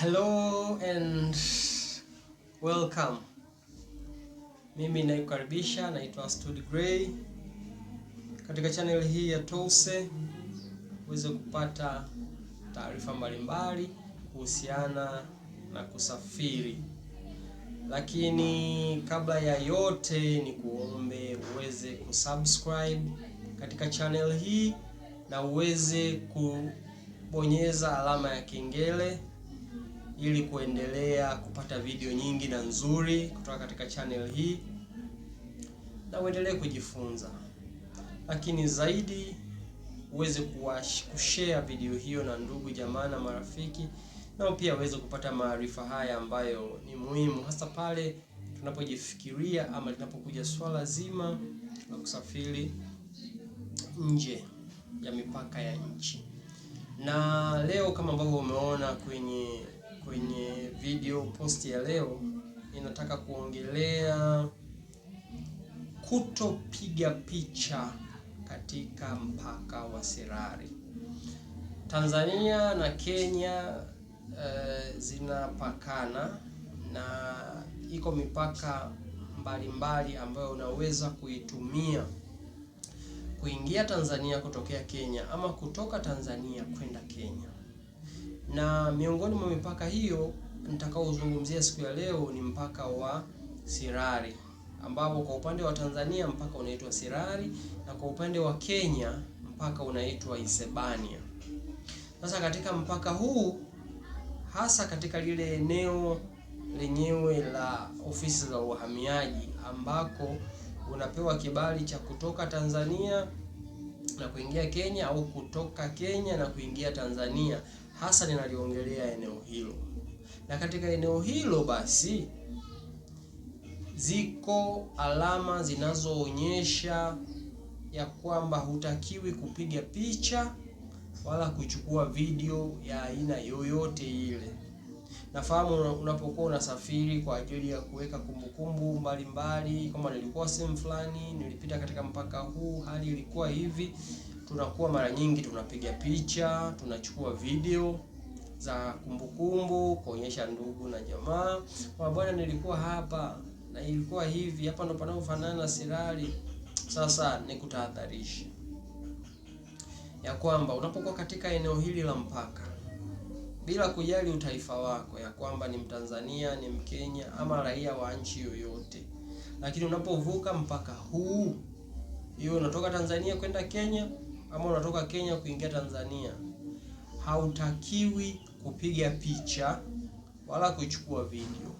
Hello and welcome. Mimi naikukaribisha, naitwa Stud gray katika channel hii ya tose uweze kupata taarifa mbalimbali kuhusiana na kusafiri, lakini kabla ya yote ni kuombe uweze kusubscribe katika channel hii na uweze kubonyeza alama ya kengele ili kuendelea kupata video nyingi na nzuri kutoka katika channel hii na uendelee kujifunza, lakini zaidi uweze kushare video hiyo na ndugu jamaa na marafiki, nao pia uweze kupata maarifa haya ambayo ni muhimu, hasa pale tunapojifikiria ama linapokuja swala zima la kusafiri nje ya mipaka ya nchi. Na leo kama ambavyo umeona kwenye kwenye video post ya leo inataka kuongelea kutopiga picha katika mpaka wa Sirari. Tanzania na Kenya uh, zinapakana na iko mipaka mbalimbali mbali ambayo unaweza kuitumia kuingia Tanzania kutokea Kenya ama kutoka Tanzania kwenda Kenya. Na miongoni mwa mipaka hiyo nitakaozungumzia siku ya leo ni mpaka wa Sirari, ambapo kwa upande wa Tanzania mpaka unaitwa Sirari na kwa upande wa Kenya mpaka unaitwa Isebania. Sasa katika mpaka huu hasa katika lile eneo lenyewe la ofisi za uhamiaji ambako unapewa kibali cha kutoka Tanzania na kuingia Kenya au kutoka Kenya na kuingia Tanzania hasa ninaliongelea eneo hilo, na katika eneo hilo basi ziko alama zinazoonyesha ya kwamba hutakiwi kupiga picha wala kuchukua video ya aina yoyote ile. Nafahamu unapokuwa unasafiri kwa ajili ya kuweka kumbukumbu mbalimbali, kama nilikuwa sehemu fulani, nilipita katika mpaka huu, hali ilikuwa hivi tunakuwa mara nyingi tunapiga picha, tunachukua video za kumbukumbu kuonyesha ndugu na jamaa, kwa bwana, nilikuwa hapa na ilikuwa hivi, hapa ndo panaofanana na sirali. Sasa nikutahadharisha ya kwamba unapokuwa katika eneo hili la mpaka, bila kujali utaifa wako, ya kwamba ni Mtanzania, ni Mkenya ama raia wa nchi yoyote, lakini unapovuka mpaka huu, hiyo unatoka Tanzania kwenda Kenya ama unatoka Kenya kuingia Tanzania, hautakiwi kupiga picha wala kuchukua video.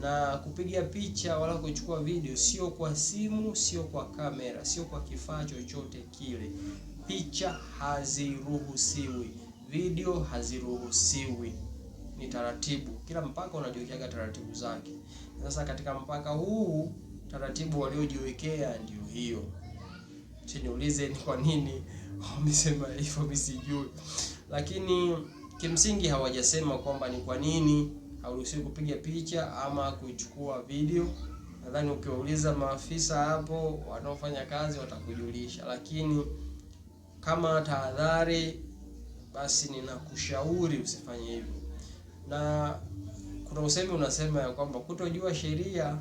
Na kupiga picha wala kuchukua video sio kwa simu, sio kwa kamera, sio kwa kifaa chochote kile. Picha haziruhusiwi, video haziruhusiwi. Ni taratibu, kila mpaka unajiwekeaga taratibu zake. Sasa katika mpaka huu taratibu waliojiwekea ndio hiyo. Usiniulize ni kwa nini wamesema hivyo, mimi sijui, lakini kimsingi hawajasema kwamba ni kwa nini hauruhusiwi kupiga picha ama kuchukua video. Nadhani ukiwauliza maafisa hapo wanaofanya kazi watakujulisha, lakini kama tahadhari, basi ninakushauri usifanye hivyo. Na kuna usemi unasema ya kwamba kutojua sheria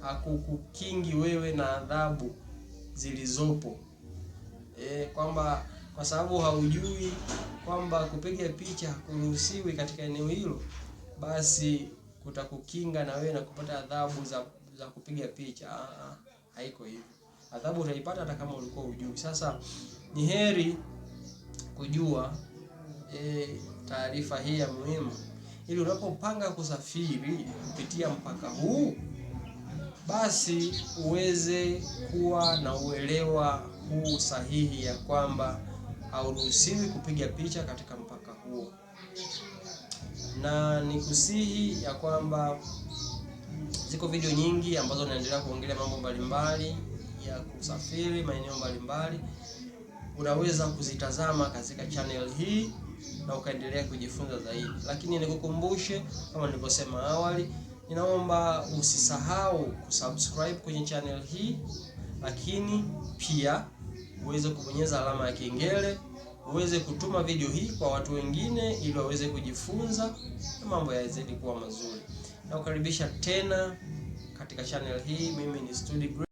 hakukukingi wewe na adhabu zilizopo e, kwamba kwa sababu haujui kwamba kupiga picha hakuruhusiwi katika eneo hilo, basi kutakukinga na wewe na kupata adhabu za, za kupiga picha. Aa, ah, ah, haiko hivyo. Adhabu utaipata hata kama ulikuwa ujui. Sasa ni heri kujua e, taarifa hii ya muhimu ili unapopanga kusafiri kupitia mpaka huu basi uweze kuwa na uelewa huu sahihi ya kwamba hauruhusiwi kupiga picha katika mpaka huo, na nikusihi ya kwamba ziko video nyingi ambazo naendelea kuongelea mambo mbalimbali ya kusafiri maeneo mbalimbali, unaweza kuzitazama katika channel hii na ukaendelea kujifunza zaidi, lakini nikukumbushe kama nilivyosema awali ninaomba usisahau kusubscribe kwenye channel hii, lakini pia uweze kubonyeza alama ya kengele, uweze kutuma video hii kwa watu wengine, ili waweze kujifunza na mambo yazidi kuwa mazuri. Nakukaribisha tena katika channel hii. Mimi ni Study